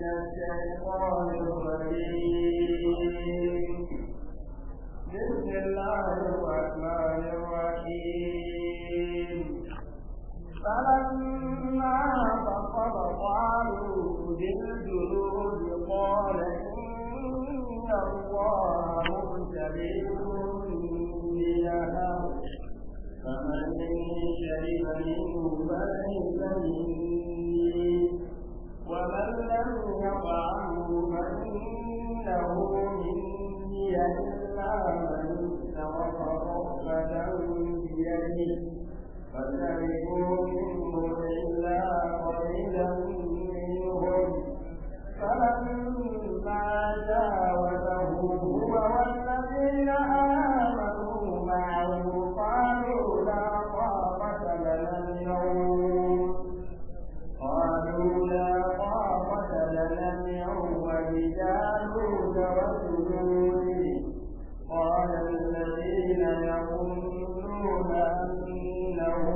الشيطان الرجيم بسم الله الرحمن الرحيم فلما فقد طالوا بالجنود قال إن الله مبتليكم بنهر فمن شرب منه فليس له مني إلا من اعترف رحمة بيده فسلكوا منه إلا قليلا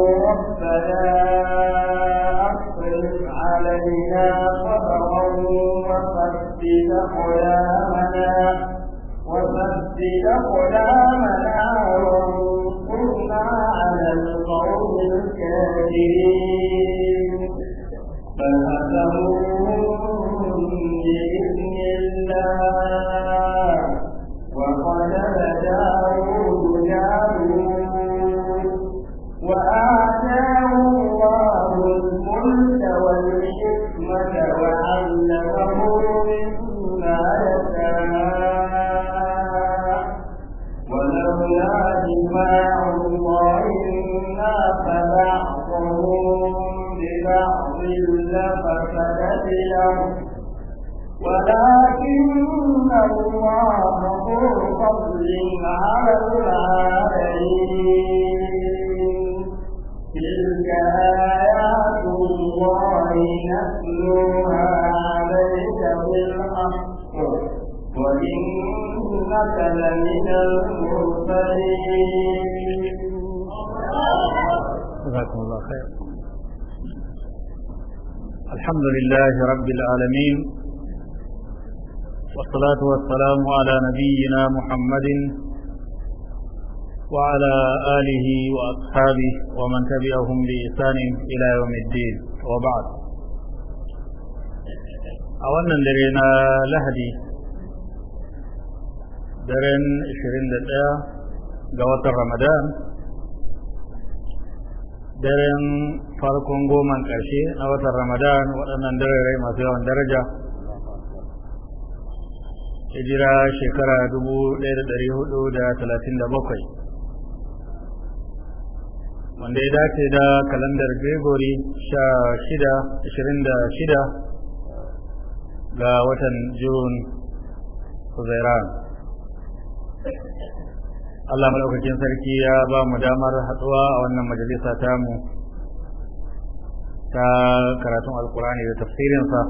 قالوا ربنا أفرق علينا صبرا وثبت أقدامنا وثبت أقدامنا وانصرنا على القوم الكافرين الحمد لله رب العالمين والصلاة والسلام على نبينا محمد وعلى آله وأصحابه ومن تبعهم بإحسان إلى يوم الدين وبعد أولا درينا لهدي درين 21 دقيقة watan رمضان daren farkon goman ƙarshe na watan ramadan waɗannan dare masu yawan daraja jira shekara 1437 wanda ya dace da kalandar gregory 26 ga watan june Zairan. Allah madaukakin sarki ya ba mu damar haɗuwa a wannan majalisa ta mu ta karatun alkurani da tafsirinsa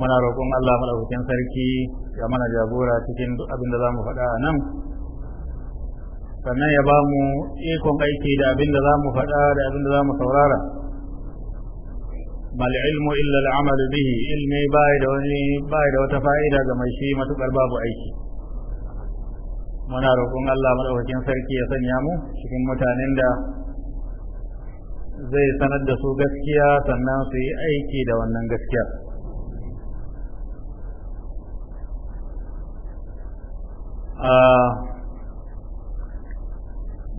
muna roƙon Allah madaukakin sarki ya mana jagora cikin duk abin da za mu faɗa a nan sannan ya ba mu ikon aiki da abin da za mu faɗa da abin da za mu saurara bal ilmu illa al'amal bihi ilmi bai da wani bai da wata fa'ida ga mai shi matukar babu aiki muna roƙon Allah madaukakin sarki ya sanya mu cikin mutanen da zai sanar da su gaskiya sannan su yi aiki da wannan gaskiya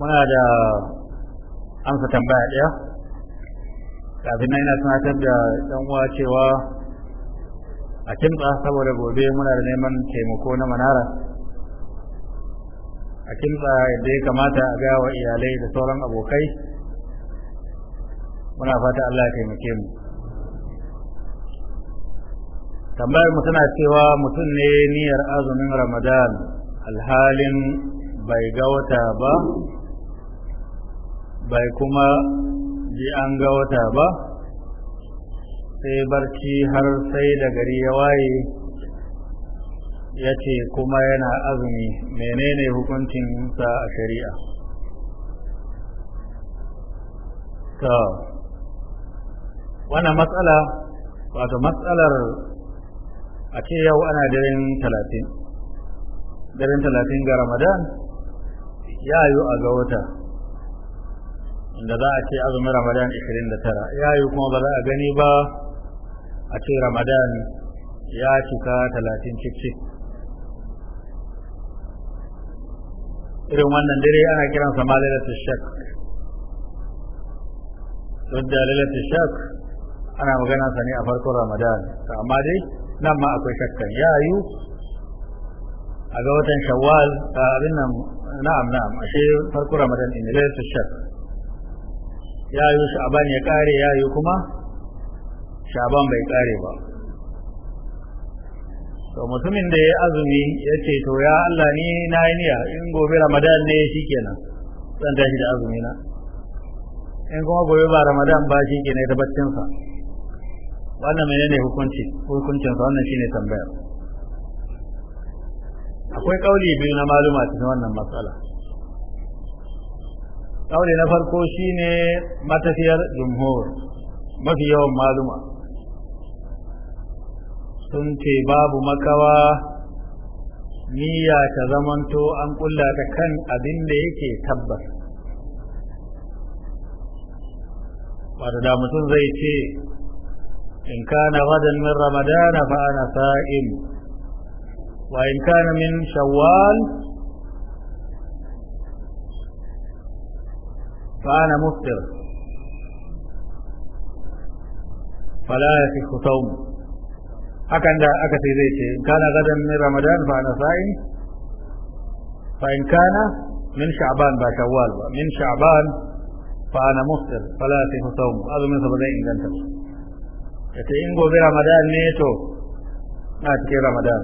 muna da amsa tambaya ɗaya kafin na ina tunatar da ɗan uwa cewa a kimtsa saboda gobe muna da neman taimako na manara a kimsa yadda ya kamata a gawa iyalai da sauran abokai muna fata Allah ya taimake mu tambayar mu tana cewa mutum ne niyyar azumin ramadan alhalin bai ga wata ba bai kuma ji an ga wata ba sai barci har sai da gari ya waye ya ce kuma yana azumi menene sa a shari'a ta wana matsala wato matsalar a ce yau ana daren talatin daren talatin ga ramadan ya yi a ga wata inda za a ce azumin ramadan 29 ya yi kuma ba za a gani ba a ce ramadan ya cika talatin cikin irin wannan dare ana kiransa ma lailatul shak duk da lailatul shak ana magana sa ne a farkon ramadan to amma dai nan ma akwai shakkan ya yiwu a ga watan shawwal a abin nan na'am na'am a ashe farkon ramadan din lailatul shak ya yiwu sha'ban ya kare ya yiwu kuma sha'ban bai kare ba to mutumin da ya azumi ya ce to ya Allah ni na yi niyya in gobe ramadan ne shi kenan zan tashi da azumi na in kuma gobe ba ramadan ba shi kenan ta baccinsa wannan menene hukunci hukuncinsa wannan shine tambaya. akwai kauli biyu na maluma cikin wannan matsala kauli na farko shine matafiyar jumhur mafi yawan maluma sun ce babu makawa niyya ta zamanto an kulla ta kan abin da yake tabbas wato da mutum zai ce in kana gadan min ramadana fa ana sa'im wa in kana min shawwal fa ana muftir فلا يصح صومه hakan da aka sai zai ce kana gadan min ramadan fa ana sa'i fa in kana min sha'ban ba shawwal ba min sha'ban fa ana muftir fala yasihu sawm azu min sabai zai inganta yace in gobe ramadan ne to na cikin ramadan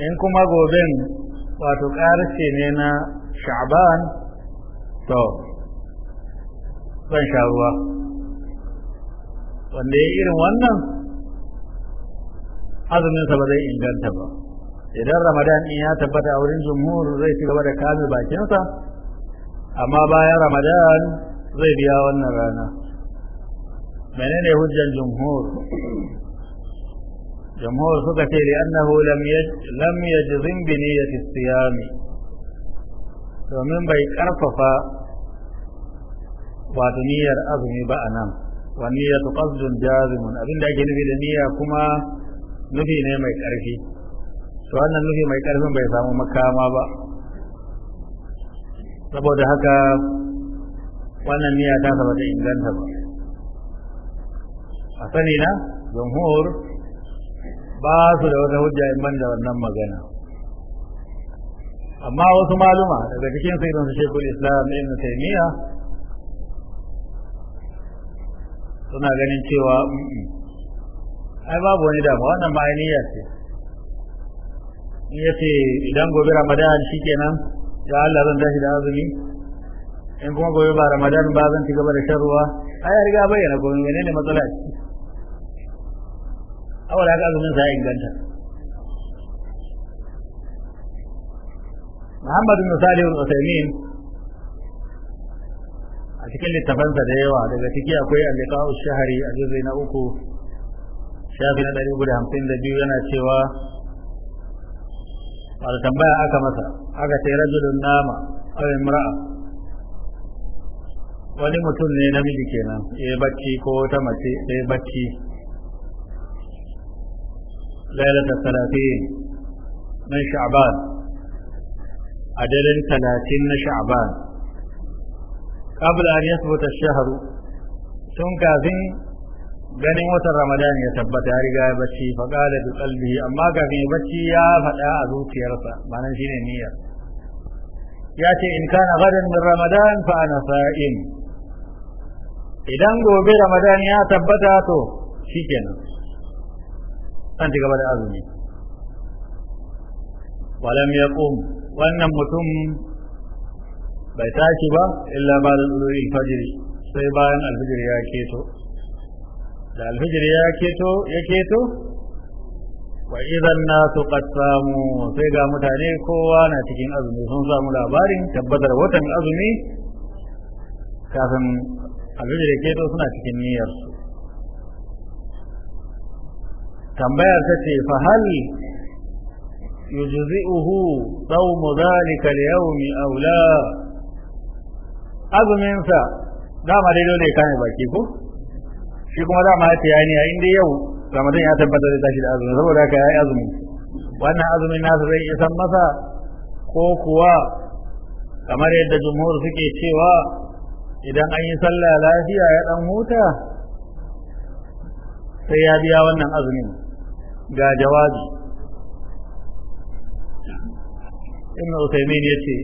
in kuma goben wato karshe ne na sha'ban to zan sha ruwa wanda ya irin wannan azuminsa ba zai inganta ba idan ramadan in ya tabbata a wurin jumhur zai ci gaba da kame bakinsa amma bayan ramadan zai biya wannan rana menene hujjan jumhur jumhur suka ce li'annahu lam lam yajzim bi niyyati siyam domin bai karfafa wato niyyar azumi ba anan wa niyyatu qasdun jazimun abinda ake nufi da niyya kuma nufi ne mai ƙarfi to wannan nufi mai ƙarfin bai samu makama ba saboda haka wannan niyya ta saba ta inganta ba a sani na jamhur ba su da wata hujja in ban wannan magana amma wasu maluma daga cikin sai su shekul islam ibn taymiya suna ganin cewa ai babu wani dama wannan ma niyya ce ya ce idan gobe ramadan shi kenan ya Allah zan tashi da azumi in kuma gobe ba ramadan ba zan ci gaba da shan ruwa ai riga bayyana ko ne ne matsala ce awala ga azumin sa inganta Muhammad bin Salih al-Uthaymeen a cikin littafansa da yawa daga ciki akwai al-liqa'u shahri a juz'i na uku shafi na ɗari guda hamsin da biyu yana cewa a tambaya aka masa aka ce rajulun nama aw imra'a wani mutum ne namiji kenan ya yi bacci ko wata mace ya yi bacci lailatul talatin na sha'ban a daren talatin na sha'ban qabla an yathbuta ash-shahru tun kafin ganin watan ramadan ya tabbata ya riga ya bacci fa qala bi qalbihi amma ga ya bacci ya faɗa a zuciyarsa bana shine niyyar ya ce in kana gadan min ramadan fa ana sa'im idan gobe ramadan ya tabbata to shikenan an ci gaba da azumi walam yaqum wannan mutum bai tashi ba illa ba da fajiri sai bayan alfajiri ya keto da alfijir ya keto ya keto wa idan nasu qad samu sai ga mutane kowa na cikin azumi sun samu labarin tabbatar watan azumi kafin alfijir ya keto suna cikin niyyar su tambayar ta ce fa hal sawm صوم al-yawm aw la azumin sa dama دي دولي kai baki ko. shi kuma za ya ne a yau ramadan ya tabbata zai tashi da azumi saboda haka yi azumi wannan azumin nasa zai isan masa ko kuwa kamar yadda jumhur suke cewa idan an yi sallah lafiya ya dan huta sai ya biya wannan azumin ga jawabi Inna Uthaymeen yace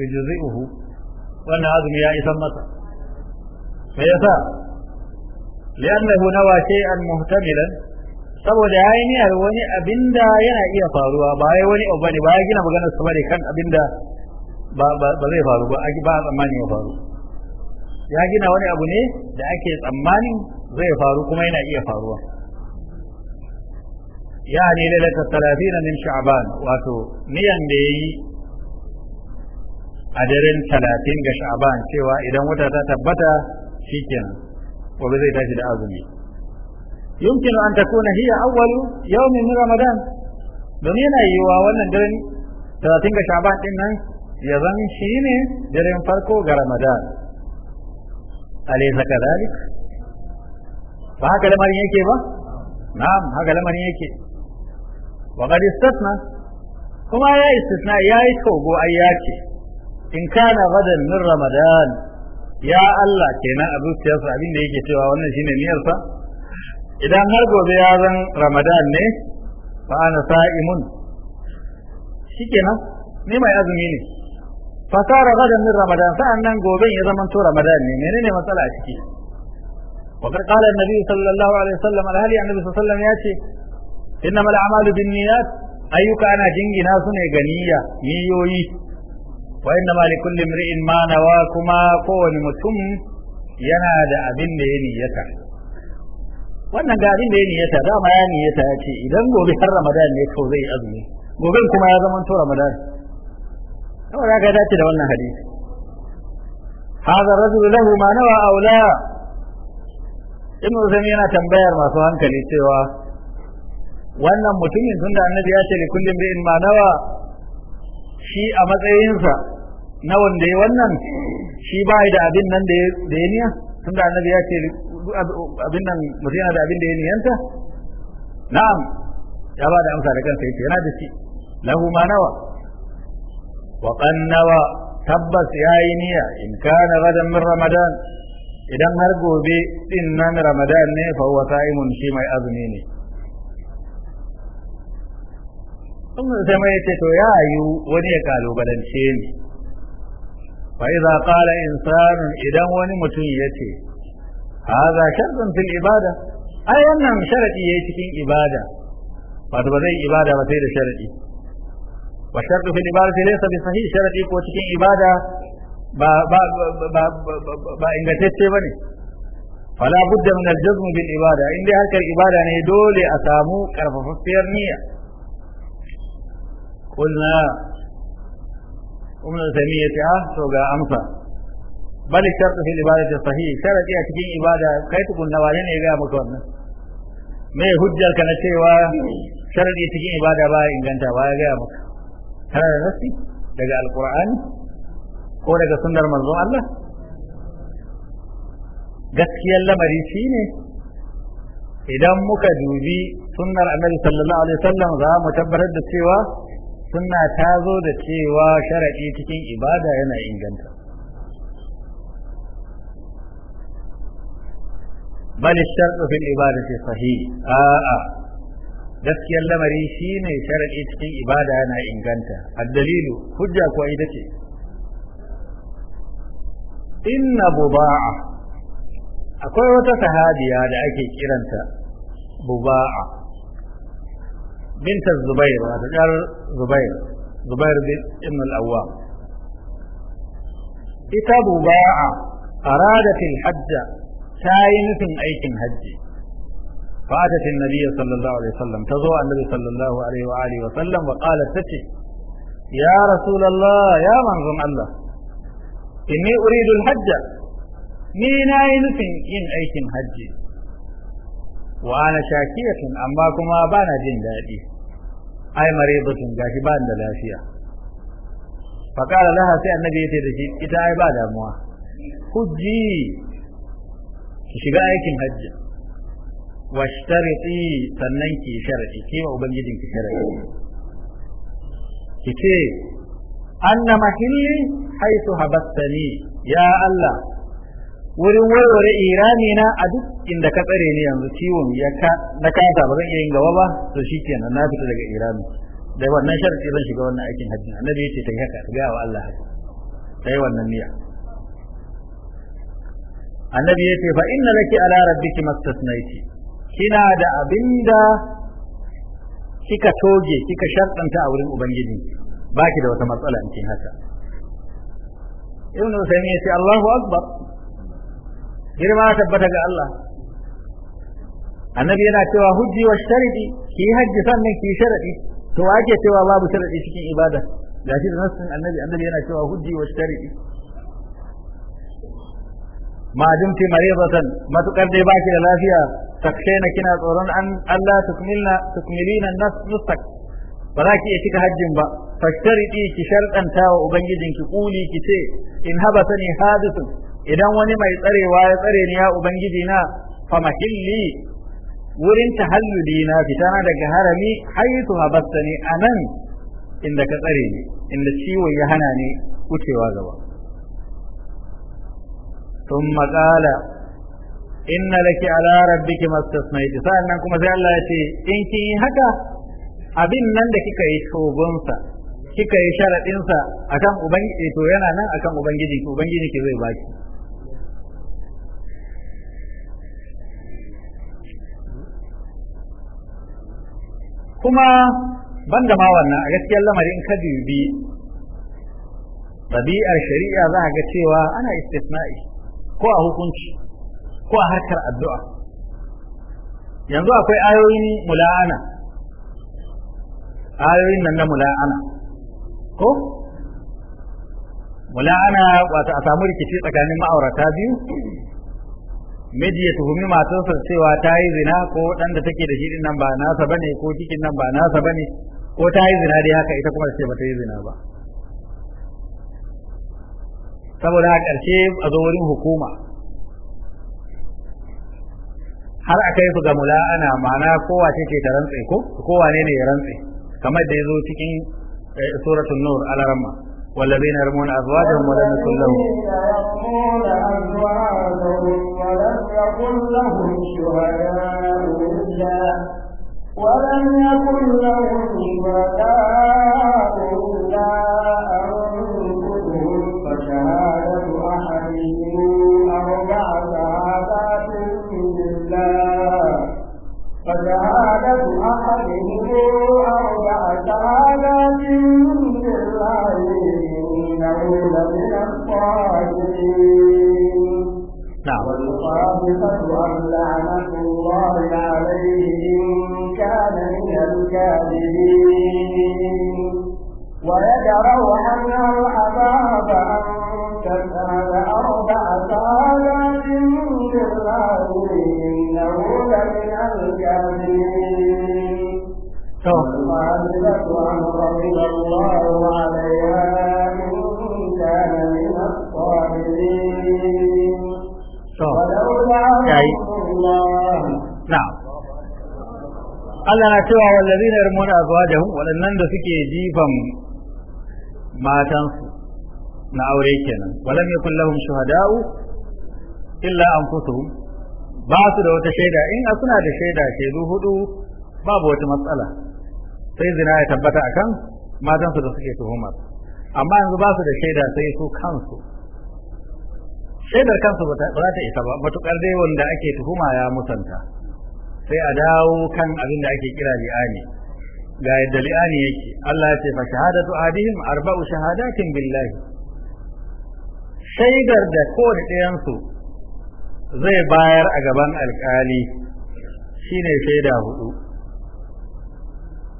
yujzi'uhu wannan azumi ya isan masa me yasa li'annahu nawa shay'an muhtamilan saboda yayi niyyar wani abinda yana iya faruwa ba yayi wani abu bane ba ya gina magana sa bane kan abinda ba ba zai faru ba ba tsammani ya faru ya gina wani abu ne da ake tsammanin zai faru kuma yana iya faruwa Ya da lalata talatina min sha'ban wato niyan da yi a daren talatin ga sha'ban cewa idan wata ta tabbata shikenan gobe zai tashi da azumi yumkinu an takuna hiya awwalu yawmin min ramadan don yana yiwuwa wannan daren talatin ga shaban din nan ya zan shi ne daren farko ga ramadan alaysa kadhalik ba haka lamarin yake ba na'am haka lamarin yake wa qad istasna kuma ya istisna ya yi togo ai ya ce in kana gadan min ramadan ya Allah kenan a zuciyarsa abin da yake cewa wannan shine niyarsa idan har gobe ya zan ramadan ne fa ana sa'imun shikenan ni mai azumi ne fa sara gadan min ramadan sa'an nan gobe ya zama to ramadan ne menene matsala a ciki wa qad qala an sallallahu alaihi wasallam al-hali annabi sallallahu alaihi wasallam yace innamal a'malu binniyat ayyuka ana jingina su ne ganiya niyoyi wa inna ma li kulli imri'in ma nawa kuma kowane mutum yana da abin da ya niyyata wannan ga abin da ya niyyata dama ya niyyata ya ce idan gobe har ramadan ne to zai azumi gobe kuma ya zama to ramadan kawai za ga dace da wannan hadisi هذا الرجل له ما nawa أو لا ibn yana tambayar masu hankali cewa wannan mutumin tunda annabi ya ce li kullum bi'in ma nawa shi a matsayinsa na wanda ya wannan shi ba da abin nan da ya niya da annabi ya ce abin nan mutum yana da abin da ya niyanta na'am ya ba da amsa da kansa yace yana da shi lahu ma nawa wa qan nawa tabbas yayi niya in kana gadan min ramadan idan har gobe din nan ramadan ne fa huwa sa'imun shi mai azumi ne sai mai ce to ya yi wani ya kalubalance ni fa idza qala insanun idan wani mutum yace hadha shartun fil ibada ai wannan sharadi yayi cikin ibada wato ba zai ibada ba sai da sharadi wa shartu fil ibadati laysa bi sahih sharadi ko cikin ibada ba ba ba ba ingantacce bane fala budda min al jazm bil ibada inda harkar ibada ne dole a samu karfafaffiyar niyya قلنا ibn al-sami ya ce ah to ga amsa bal shartu fil ibadati sahih sharadi a cikin ibada kai tukun na wani ne ga maka wannan me hujjar ka na cewa sharadi cikin ibada ba inganta ba ya ga maka kana da nasi daga alqur'ani ko daga sunnar manzon Allah gaskiyar lamari shine idan muka dubi sunnar annabi sallallahu alaihi wasallam za mu tabbatar da cewa sunna ta zo da cewa sharaɗi cikin ibada yana inganta bal sharɗu fil ibadati sahih a'a gaskiyar lamari shine sharaɗi cikin ibada yana inganta addalilu hujja kuwa ita ce inna buba'a akwai wata sahabiya da ake kiranta buba'a بنت الزبير قال زبير زبير بن الأوام كتاب باع أرادت الحج كائنة أيك nufin فأتت النبي صلى الله عليه وسلم تزوى النبي صلى الله عليه وآله وسلم وقالت تتي يا رسول الله يا منظم الله إني أريد الحج مين أين إن أيتم حجي wa ana shakiyatun amma kuma bana jin daɗi ai maridatun gashi ba da lafiya fa qala laha sai annabi yace da shi ita ai ba damuwa hujji ki shiga aikin hajji washtariti sannan ki sharadi ki wa ubangijin ki sharadi ki ce anna mahilli haythu habastani ya allah wurin warware irami na a duk inda ka tsare ni yanzu ciwon ya ka na kasa ba zan iya yin gaba ba to shikenan na fita daga irami dai wannan sharti zan shiga wannan aikin hajji annabi yace ta haka ta ga wa Allah haka dai wannan niyya annabi yace fa inna laki ala rabbiki mastasnaiti kina da abinda kika toge kika shartanta a wurin ubangiji baki da wata matsala in kin haka ibnu usaymin yace Allahu akbar girma tabbata ga Allah annabi yana cewa hujji wa sharidi ki hajji sannan ki sharadi to ake cewa babu sharadi cikin ibada shi da nassin annabi annabi yana cewa hujji wa sharidi ma dumti maridatan matukar dai baki da lafiya takshena kina tsoron an Allah tukmilna tukmilina nas nusak ba za ki iya cika hajjin ba fashtari ki sharɗanta wa ubangijinki kuli ki ce in haba sani hadithun idan wani mai tsarewa ya tsare ni ya ubangiji na famahilli wurin tahalluli na fitana daga harami haitu a anan inda ka tsare ni inda ciwon ya hana ni wucewa gaba ثم قال إن لك على ربك in استثنيت kuma sai Allah ce, in kin yi haka, abin nan da kika yi shogonsa kika yi sharaɗinsa akan ubangiji to yana nan akan ubangiji ubangiji ke zai baki kuma banda ma wannan a gaskiyar lamari in ka dubi ɗabi'ar shari'a za a ga cewa ana istisna'i ko a hukunci ko a harkar addu'a yanzu akwai ayoyin mula'ana ayoyin nan na mula'ana ko mula'ana wato a samu rikici tsakanin ma'aurata biyu miji ya tuhumi matarsa cewa ta yi zina ko dan da take da shi din nan ba nasa bane ko cikin nan ba nasa bane ko ta yi zina dai haka ita kuma ce ba yi zina ba saboda a ƙarshe a zo wurin hukuma har a kai su ga mula'ana ma'ana kowa ce ce ta rantse ko kowa ne ne ya rantse kamar da ya zo cikin eh, suratun nur alaramma والذين يرمون أزواجهم ولم يكن لهم يرمون ولم يكن لهم شهداء إلا ولم يكن لهم إلا فشهادة أربع فشهادة أحدهم أربع شهادات بالله إنه لمن الصادقين نعم والخامسة أن لعنة الله عليه إن كان من الكاذبين ويدروا عنها العذاب Allah na cewa wallazi na yarmuna azwajahum waɗannan da suke jifan matansu na aure kenan walam yakul lahum shuhada'u illa anfusuhum ba su da wata shaida in suna da shaida shaidu hudu babu wata matsala sai zina ya tabbata kan matansu da suke tuhumar, amma yanzu ba su da shaida sai su kansu shaidar kansu ba ta isa ba matukar dai wanda ake tuhuma ya musanta sai a dawo kan abin da ake kira li'ani ga yadda li'ani yake Allah ya ce fa shahadatu adihim arba'u shahadatin billahi shaidar da kowane ɗayan su zai bayar a gaban alkali shine shaida hudu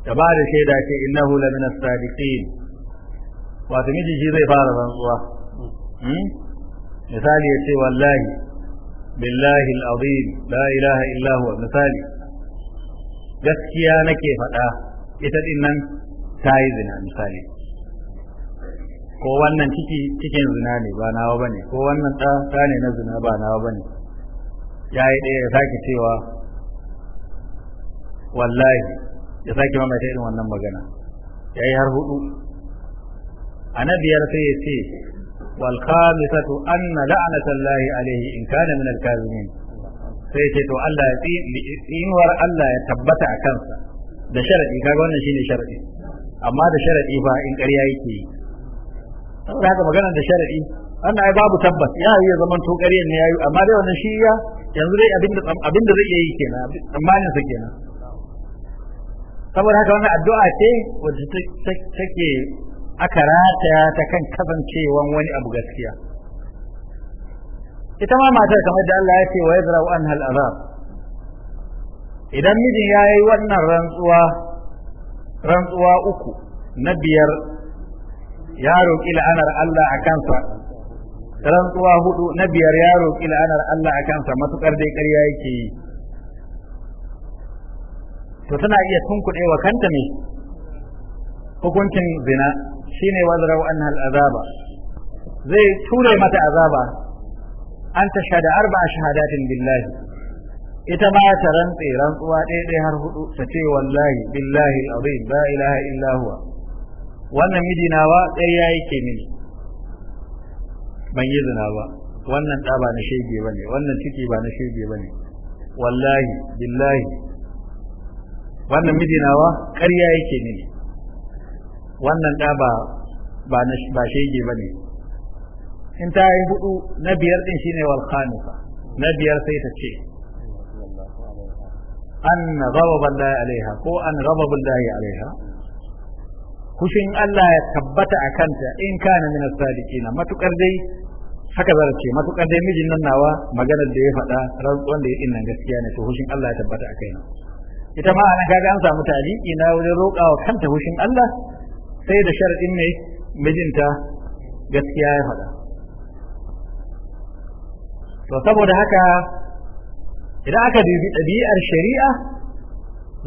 ya ba da shaida ce innahu la min as-sadiqin wato miji shi zai fara rantsuwa misali ya ce wallahi billahi al-azim la ilaha illa huwa misali gaskiya nake faɗa ita din nan ta yi zina misali ko wannan ciki cikin zina ne ba nawa bane ko wannan ɗa ɗa ne na zina ba nawa bane ya yi ɗaya ya sake cewa wallahi ya sake mama ta irin wannan magana ya yi har hudu a na biyar sai ya ce wal khamisatu anna la'natallahi alayhi, in kana min al-kazimin sai ce to Allah ya tsinuwar Allah ya tabbata a kansa da sharadi kaga wannan shine sharadi amma da sharadi ba in ƙarya yake yi saboda haka magana da sharadi wannan ai babu tabbas ya yi ya zaman to ƙaryan ne yayi amma dai wannan shi ya yanzu dai abinda abinda zai iya yi kenan tsammanin sa kenan saboda haka wannan addu'a ce wadda take aka rataya ta kan kasancewan wani abu gaskiya ita ma matar kamar da Allah ya ce wa yadra'u anha al'azab idan mijin ya yi wannan rantsuwa rantsuwa uku na biyar ya roƙi la'anar Allah a kansa rantsuwa hudu na biyar ya roƙi la'anar Allah a kansa matukar dai ƙarya yake yi to tana iya tunkuɗe wa kanta ne hukuncin zina shine wazrau anha al'azaba zai ture mata azaba an ta shahada arba shahadatin billahi ita ma ta rantse rantsuwa ɗaya har hudu ta ce wallahi billahi al'azim la ilaha illa huwa wannan mijina ɗaya ƙarya ke mini ban yi zina ba wannan ɗa ba na shege ba ne wannan ciki ba na shege ba ne wallahi billahi wannan miji nawa ƙarya yake ne wannan ɗa ba ba ba shege ba ne in ta yi hudu na biyar ɗin shine wal khamisa na biyar sai ta ce an ghadaba Allah alaiha ko an raba Allah alaiha kushin Allah ya tabbata a kanta in kana min as-sadiqina matukar dai haka zara ce matukar dai mijin nan nawa maganar da ya faɗa rantsuwan da ya dinnan gaskiya ne to hushin Allah ya tabbata a kai na. ita ma anan kaga an samu taliki na wurin wa kanta hushin Allah sai da sharadin ne mijinta gaskiya ya faɗa to saboda haka idan aka dubi ɗabi'ar shari'a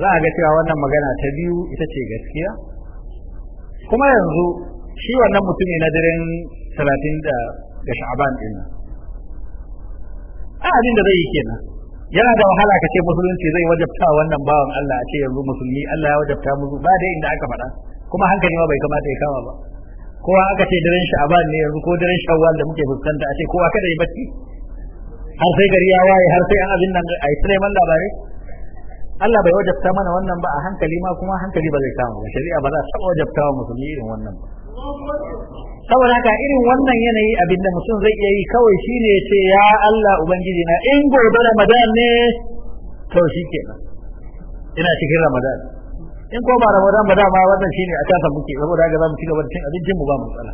za a ga cewa wannan magana ta biyu ita ce gaskiya kuma yanzu shi wannan mutumi na daren talatin da sha'aban ɗin a da zai yi kenan yana da wahala ka ce musulunci zai wajabta wannan bawan Allah a ce yanzu musulmi Allah ya wajabta musu ba dai inda aka faɗa kuma hankali ma bai kamata ya kama ba kowa aka ce daren sha'aban ne yanzu ko daren shawwal da muke fuskanta a ce kowa kada ya bacci har sai gari ya waye har sai an abin nan a man labarai Allah bai wajabta mana wannan ba a hankali ma kuma hankali ba zai kama ba shari'a ba za ta wajabta wa musulmi irin wannan ba saboda haka irin wannan yanayi abin da mutum zai iya yi kawai shine ya ce ya Allah ubangiji na in gobe Ramadan ne to shikenan ina cikin Ramadan in ko ba Ramadan ba dama wannan shine a kasa muke saboda haka mu ci gaba da cin abincin mu ba matsala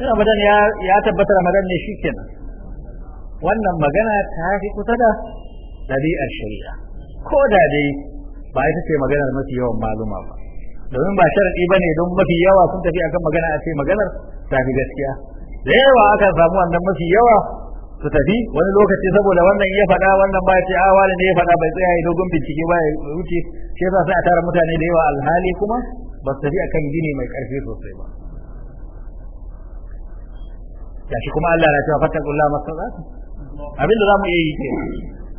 Ramadan ya ya tabbata Ramadan ne shikenan wannan magana ta fi kusa da dabi'ar shari'a ko da dai ba ita ce maganar mafi yawan maluma ba domin ba sharadi bane don mafi yawa sun tafi akan magana a ce maganar ta fi gaskiya da yawa akan samu wannan mafi yawa su tafi wani lokaci saboda wannan ya faɗa wannan ba ce a ah, wani ne ya faɗa bai tsaya dogon bincike ba ya wuce shi yasa sai a tara mutane da yawa alhali kuma ba su tafi akan gini mai ƙarfi sosai ba Ya shi kuma Allah na cewa fattakullaha masalatu abin da zamu iya yi ke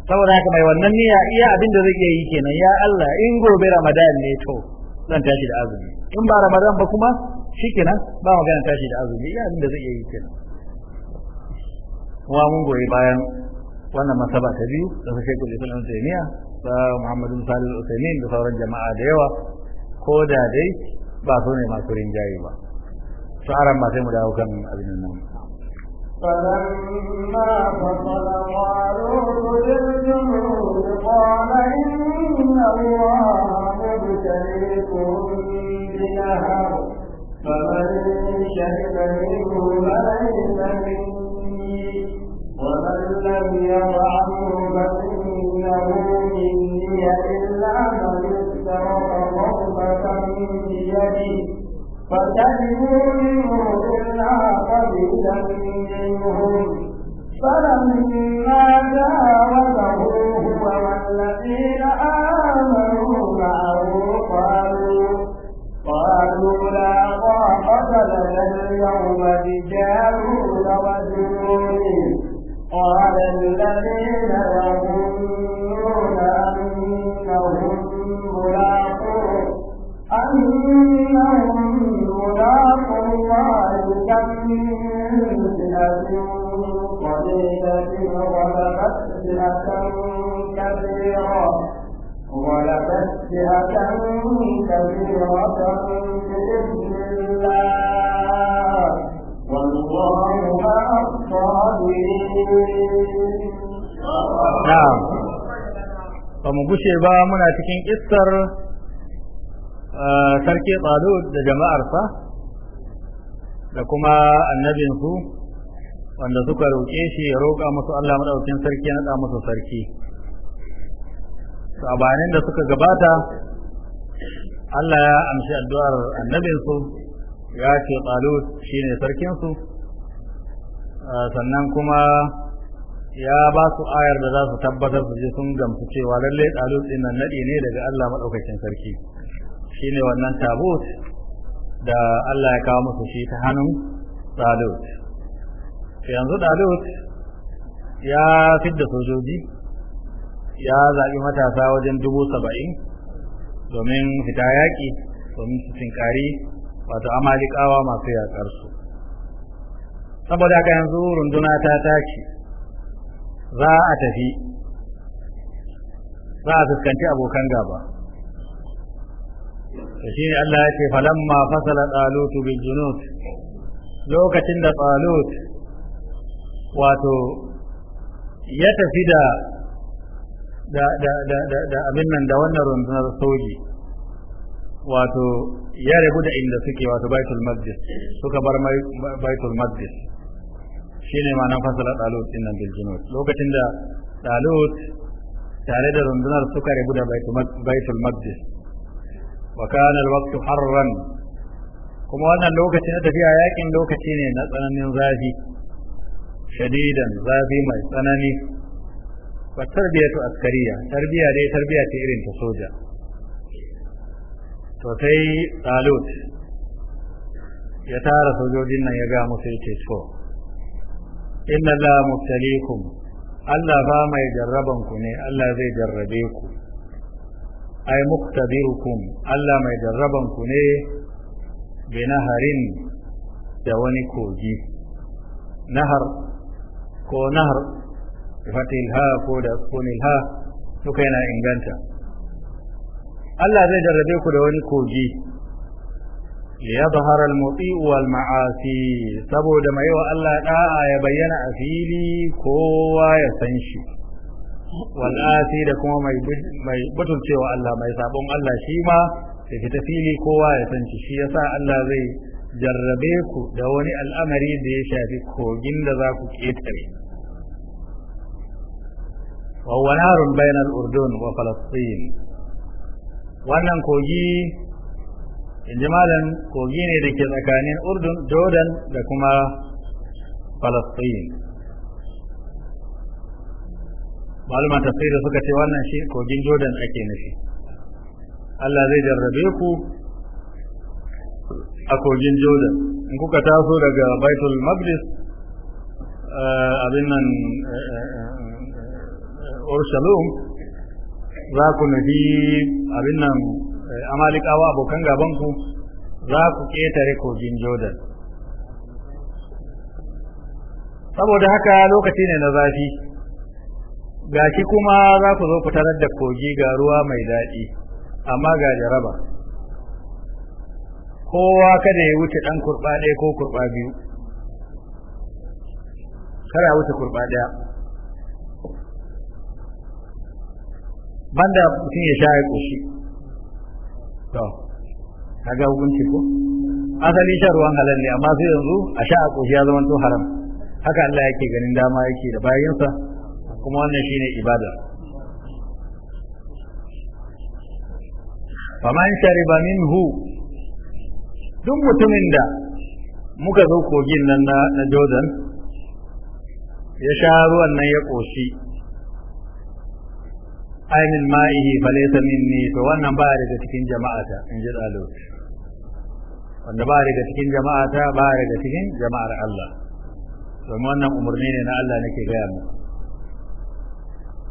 saboda haka mai wannan niyya iya abin da zai iya yi kenan ya Allah in gobe Ramadan ne to zan tashi da azumi in ba ramadan ba kuma shikenan ba magana tashi da azumi ya inda da zai iya yi kenan Wa mun goyi bayan wannan masaba ta biyu da su shekul sunan taimiya da muhammadu salih usaimin da sauran jama'a da yawa ko da dai ba su ne masu rinjaye ba su aran ba sai mu dawo kan abin nan فلما فصل طالوت بالجنود قال إن الله مبتليكم بنهر فمن شهد منكم فليس ومن لم يطعمه فإنه مني إلا من افترق ضربة من يدي فتجدوا منه إلا قليلا منهم فلما جاوزه هو والذين آمنوا قتلنا اليوم بجارون وجنون قال الذين يظنون أنهم ملاقو أنهم ملاقو الله كم من فئة قليلة غلبت فئة كثيرة ولقد كبيرة بإذن الله bamu gushe ba muna cikin istar eh, sarki tsalud da jama'arsa da kuma annabinsu wanda suka roƙe shi ya roƙa musu Allah maɗaukin sarki ya naɗa musu sarki sabanin da suka gabata Allah ya amshi addu'ar annabinsu ya ce shi shine sarkinsu sannan kuma ya ba su ayar da za su tabbatar su je sun gamsu cewa lallai Talut din nan nadi ne daga Allah madaukakin sarki shine wannan tabut da Allah ya kawo musu shi ta hannun Talut yanzu Talut ya fidda sojoji ya zaɓi matasa wajen dubu saba'in domin fita yaƙi domin su tinkari wato amalikawa masu yaƙar su saboda haka yanzu runduna ta tashi za a tafi za a fuskanci abokan gaba shi ne Allah ya ce falamma fasala tsalutu bil junud lokacin da tsalut wato ya tafi da da abin nan da wannan rundunar soji wato ya rabu da inda suke wato baitul maqdis suka bar baitul maqdis shine ma nan fasala dalut din nan biljinut lokacin da dalut tare da rundunar suka rabu da baitul maqdis wa kana alwaqtu harran kuma wannan lokaci na tafiya yakin lokaci ne na tsananin zafi shadidan zafi mai tsanani wa tarbiyatu askariya tarbiya dai tarbiya ce irin ta soja to sai salut ya tara sojojin nan ya ga musu yake to inna la mubtalikum Allah ba mai jarraban ku ne Allah zai jarrabe ku ai muqtadirukum Allah mai jarraban ku ne bi harin da wani kogi nahar ko nahar fatil ha ko da kunil ha duka yana inganta Allah zai jarrabe ku da wani kogi ya zaharar motsi wal ma'asi saboda mai wa Allah da'a ya bayyana a fili kowa ya san shi wal asi da kuma mai mai butulcewa Allah mai sabon Allah shi ma ya fita fili kowa ya san shi shi yasa Allah zai jarrabe ku da wani al'amari da ya shafi kogin da za ku ketare وهو نهر بين الأردن وفلسطين wannan kogi kogi ne da ke tsakanin urdun jordan da kuma palestine malaman da suka ce wannan shi kogin jordan ake nufi allah zai jarrabe ku a kogin jordan in kuka taso daga baitul maqdis abin nan or za ku nufi abin nan eh, amalikawa abokan gabanku za ku ƙetare kogin jordan saboda haka lokaci ne na zafi gashi kuma za ku zo ku da kogi ga ruwa mai daɗi amma ga jaraba kowa kada ya wuce ɗan kurɓa ɗaya ko kurɓa biyu kada ya wuce kurɓa ɗaya banda mutum ya sha ya ƙoshi, to kaga hukunci ko asali shan ruwan halal ne amma sai yanzu a sha a ƙoshi ya zama to haram haka Allah yake ganin dama yake da bayansa kuma wannan shine ibada faman shariba minhu duk mutumin da muka zo kogin nan na Jordan ya sha ruwan nan ya ƙoshi. ai ma'ihi falaysa minni to wannan ba daga cikin jama'ata in ji dalut wanda ba daga cikin jama'ata ba daga cikin jama'ar Allah domin wannan umarni ne na Allah nake gaya muku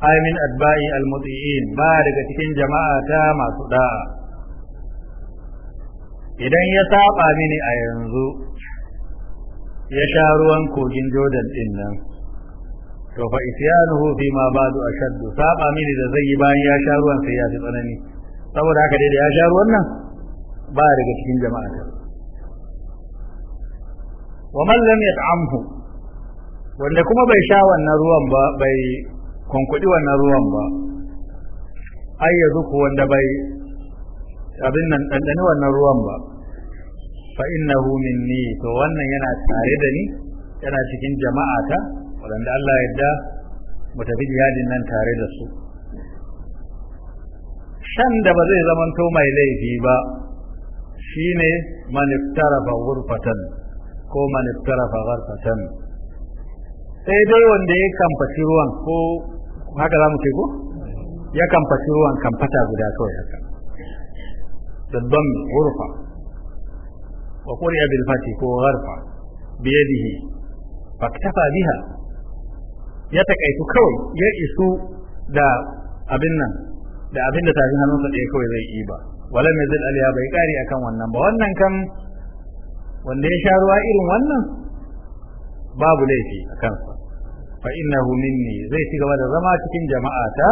ai adba'i almuti'in ba daga cikin jama'ata masu da'a idan ya saba mini a yanzu ya sha ruwan kogin Jordan din nan to fa isyanuhu fi ma ba'du ashadd saba mini da zai yi bayan ya sha ruwan sai ya tsanani saboda haka dai da ya sha ruwan nan ba daga cikin jama'a wa man lam yat'amhu wanda kuma bai sha wannan ruwan ba bai konkudi wannan ruwan ba ai ya wanda bai abin nan dandani wannan ruwan ba fa innahu minni to wannan yana tare da ni yana cikin jama'a ta. waɗanda Allah yadda mu tafi jihadin nan tare da su shan da ba zai zamanto mai laifi ba shine man iftarafa ghurfatan ko man iftarafa gharfatan sai dai wanda ya kamfaci ruwan ko haka za mu ce ko ya kamfaci ruwan kamfata guda kawai haka dabban ghurfa wa quri'a abin fati ko gharfa biyadihi faktafa biha ya takaitu kawai ya isu da abin nan da abin da tafin hannunsa ɗaya kawai zai yi ba wala mai zai aliya bai kari akan wannan ba wannan kan wanda ya sha ruwa irin wannan babu laifi a kansa fa innahu minni zai ci gaba da zama cikin jama'ata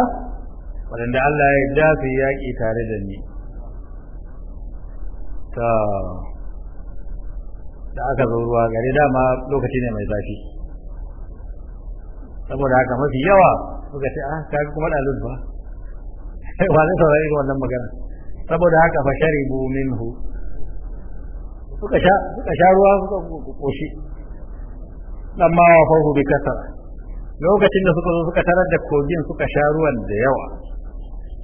wadanda Allah ya yarda su yaƙi tare da ni ta da aka zo ruwa gari dama lokaci ne mai zafi saboda haka mafi yawa suka ce ah kaga kuma dalil ba wa zai saurari irin wannan magana saboda haka fa sharibu minhu suka sha suka sha ruwa suka koshi amma wa fahu bi kasar lokacin da suka zo suka tarar da kogin suka sha ruwan da yawa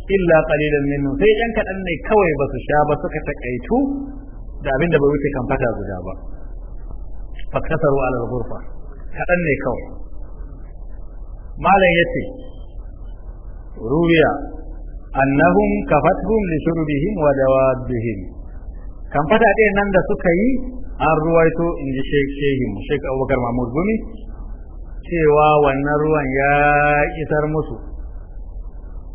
illa qalilan minhu sai yan kadan ne kawai ba su sha ba suka takaitu da abin da bai wuce kan fata guda ba faktasaru ala al-ghurfa kadan ne kawai malam ya yace ruwiya annahum kafatuhum li shurbihim wa dawabihim kan fata ɗaya nan da suka yi an ruwaito in ji shehin shek abubakar mahmud gumi cewa wannan ruwan ya isar musu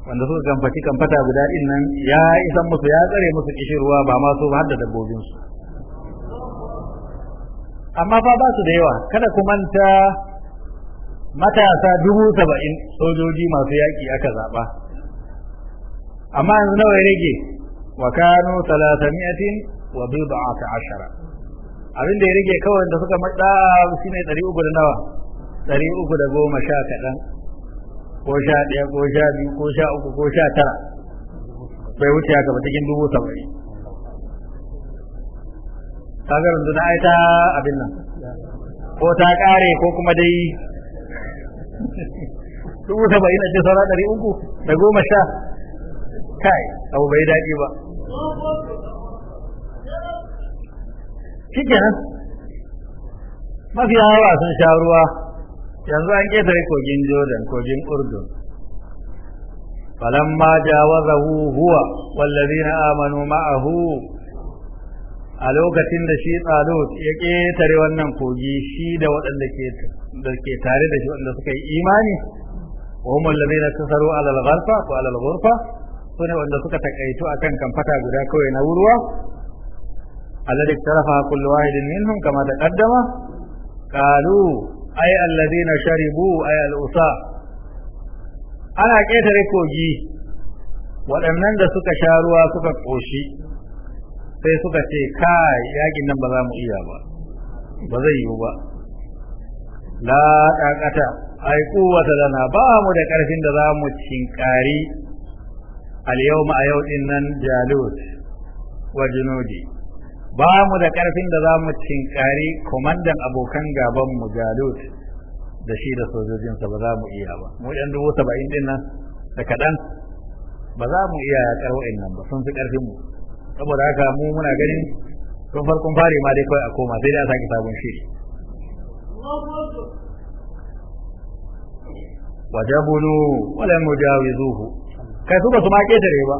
wanda suka kan fata guda ɗin nan ya isar musu ya tsare musu kishirwa ba ma su har da dabbobinsu amma fa ba su da yawa kada ku manta matasa dubu saba'in sojoji masu yaƙi aka zaɓa amma yanzu nawa ya rage wa kano talatamiyatin wa bid'a ta ashara abin da ya rage kawai da suka matsa shi ne ɗari uku da nawa ɗari uku da goma sha kaɗan ko sha ɗaya ko sha biyu ko sha uku ko sha tara bai wuce haka ba cikin dubu saba'in ta yanzu na aita abin nan ko ta ƙare ko kuma dai dubu saba'in a cikin saura ɗari uku da goma sha kai abu bai daɗi ba shi mafi yawa sun sha ruwa yanzu an ƙetare kogin jordan kogin urdun falamma jawazahu huwa wallazina amanu ma'ahu a lokacin da shi tsalo ya ketare wannan kogi shi da waɗanda ke tare da shi waɗanda suka yi imani umar lalai na kasaro alalgarfa ko alalgurfa su ne wanda suka takaitu a kan kamfata guda kawai na wurwa alladik tarafa kullu wahidin minhum kama da kaddama qalu ay alladina sharibu ay alusa ana ƙetare kogi waɗannan da suka sha ruwa suka ƙoshi. sai suka ce kai yakin nan ba za mu iya ba ba zai yiwu ba la taqata ai kuwata lana ba mu da karfin da za mu cinkari al yawma a yau din nan jalut wa junudi ba mu da karfin da za mu cinkari komandan abokan gaban mu jalut da shi da sojojinsa ba za mu iya ba mu dan dubu saba'in din nan da kaɗan ba za mu iya yaƙar wa'in ba sun fi karfin mu saboda haka mu muna ganin tun farkon fare ma dai kawai a koma sai dai a sake sabon shi wa wala mujawizuhu kai su ba su ma ketare ba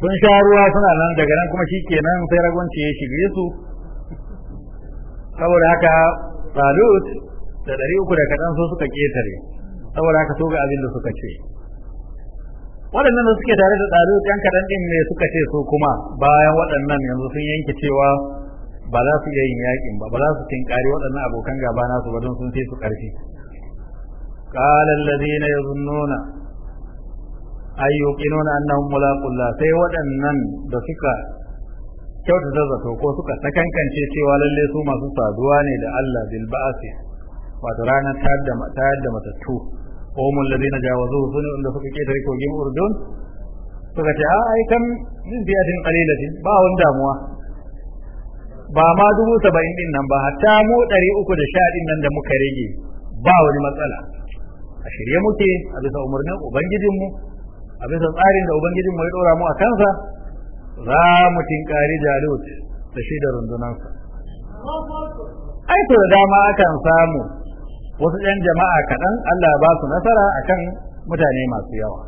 sun sha ruwa suna nan daga nan kuma shikenan sai ragwanci ya shige su saboda haka salut da ɗari uku da kaɗan su suka ketare saboda haka so ga abin da suka ce waɗannan da suke tare da ɗaru ɗan kaɗan ɗin ne suka ce su kuma bayan waɗannan yanzu sun yanke cewa ba za su iya yin yaƙin ba ba za su tinkari waɗannan abokan gaba su ba don sun fi su ƙarfi qala alladhina yazunnuna ay yuqinuna annahum kula sai waɗannan da suka kyautata zato ko suka sakankance cewa lalle su masu saduwa ne da Allah bil ba'asi wato ranar tayar da matattu wa hum alladhina jawazuhu sunu wanda suka ketare kogin urdun suka ce a kan min biyatin qalilatin ba wani damuwa ba ma dubu saba'in din nan ba hatta mu ɗari uku da sha din nan da muka rage ba wani matsala a shirye muke a bisa umarnin ubangijinmu a bisa tsarin da ubangijinmu ya ɗora mu a kansa za mu tinkari jalut da shi da da dama akan samu wasu yan jama'a kaɗan Allah ba su nasara akan mutane masu yawa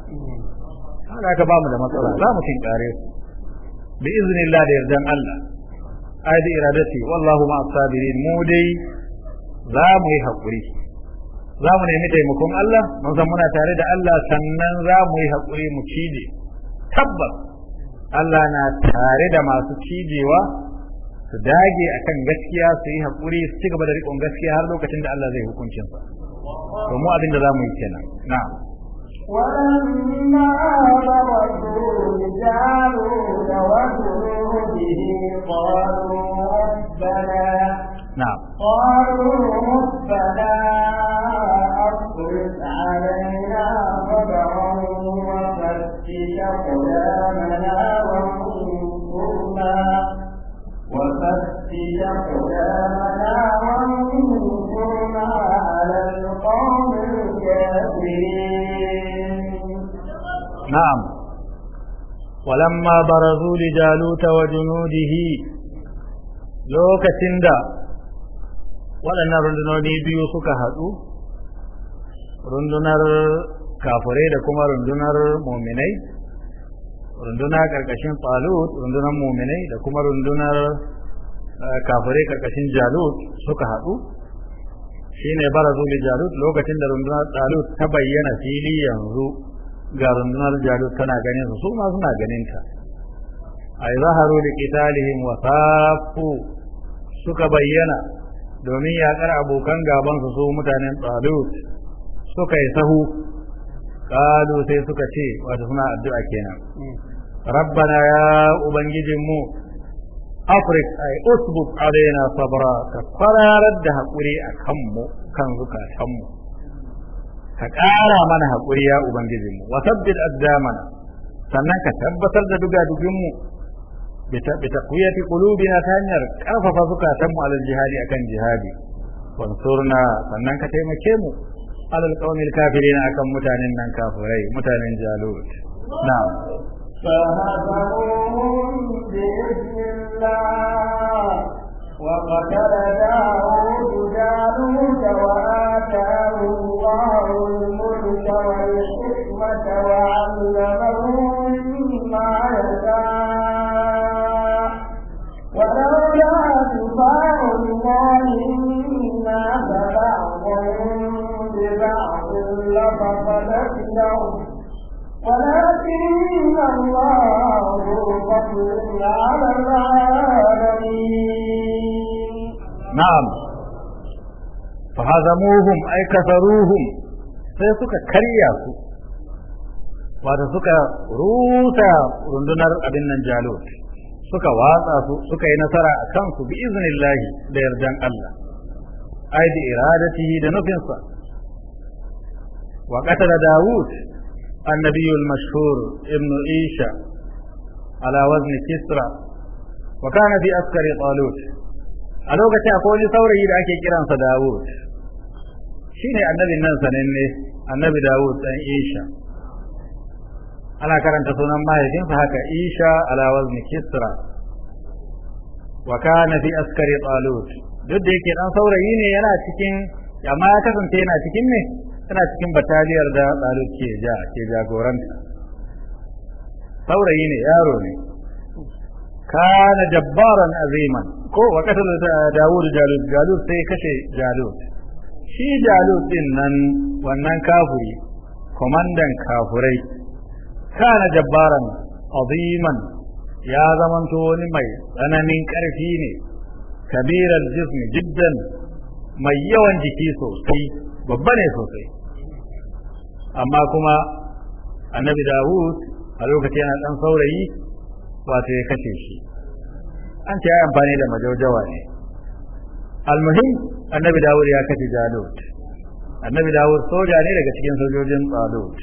haka ka ba mu da matsala za mu tinkare su bi iznillah da yardan Allah ai da iradati wallahu ma mu dai za mu yi haƙuri. za mu nemi taimakon Allah mun san muna tare da Allah sannan za mu yi haƙuri mu cije tabbas Allah na tare da masu cijewa su dage akan gaskiya su yi haƙuri su ci gaba da riƙon gaskiya har lokacin da Allah zai hukuncin sa to mu abin da za mu yi kenan na ولما برزوا لجالوت وجنوده قالوا ربنا نعم قالوا ربنا أفرز علينا صبرا وفتش أقدامنا وانصرنا وفسد أقدامنا وانصرنا على نعم ولما برزوا لجالوت وجنوده lokacin da waɗannan rundunoni biyu suka haɗu rundunar kafurai da kuma rundunar muminai. runduna karkashin talut rundunar muminai da kuma rundunar eh, kafirai karkashin jalut suka haɗu shine barazu da jalut lokacin da rundunar talut ta bayyana fili yanzu ga rundunar jalut tana ganin su ma suna ganin ta ay zaharu li qitalihim wa suka bayyana domin yaƙar abokan gaban su su mutanen talut suka yi sahu kalu sai suka ce wata suna addu'a kenan mm. ربنا يا أبنجي مو أفرق أي أثبت علينا صبرا فلا ردها قري أكمو كان ذكا أكمو فكارا منها قري يا أبنجي مو وثبت أجدامنا سنك ثبت الدقا دقمو بتقوية قلوبنا تانير كيف فذكا تم على الجهاد أكن جهادي وانصرنا سنك تيم كيمو على القوم الكافرين أكن متانين من كافرين متانين جالوت نعم فهزموهم بإذن الله وقتل داود جالوت وآتاه الله الملك والحكمة وعلمه مما يشاء ولولا دفاع الله الناس بعضهم ببعض لفقدت الأرض ولكن الله فضل على العالمين نعم فهزموهم أي كسروهم سيسوك كرياسو wata suka rusa rundunar abin nan jalot suka watsa su suka yi nasara a kansu bi iznillahi da yardan Allah ai bi iradatihi da nufinsa wa qatala Dawud النبي المشهور ابن إيشا على وزن كسرى وكان في أسكر طالوت ألوك تأقول ثوره إلى أكي كران فداوت شين النبي ننسى نني النبي داوت أن إيشا أنا كران تصنع ما يجين فهك إيشا على وزن كسرى وكان في أسكر طالوت جد يكران ثوره إني يلا تكين يا ما تكن تينا تكين tana cikin bataliyar da ɗalib ke ja ke jagoranta saurayi ne yaro ne kana jabbaran aziman ko wa da dawud jalut jalut sai kashe jalut shi jalut din nan wannan kafuri komandan kafurai kana jabbaran aziman ya zamanto wani mai tsananin karfi ne kabirar jismi jiddan mai yawan jiki sosai babba ne sosai amma kuma annabi dawud a lokaci yana dan saurayi wato ya kashe shi an ce ya amfani da majaujawa ne almuhim annabi dawud ya kashe jalot annabi dawud soja ne daga cikin sojojin tsalot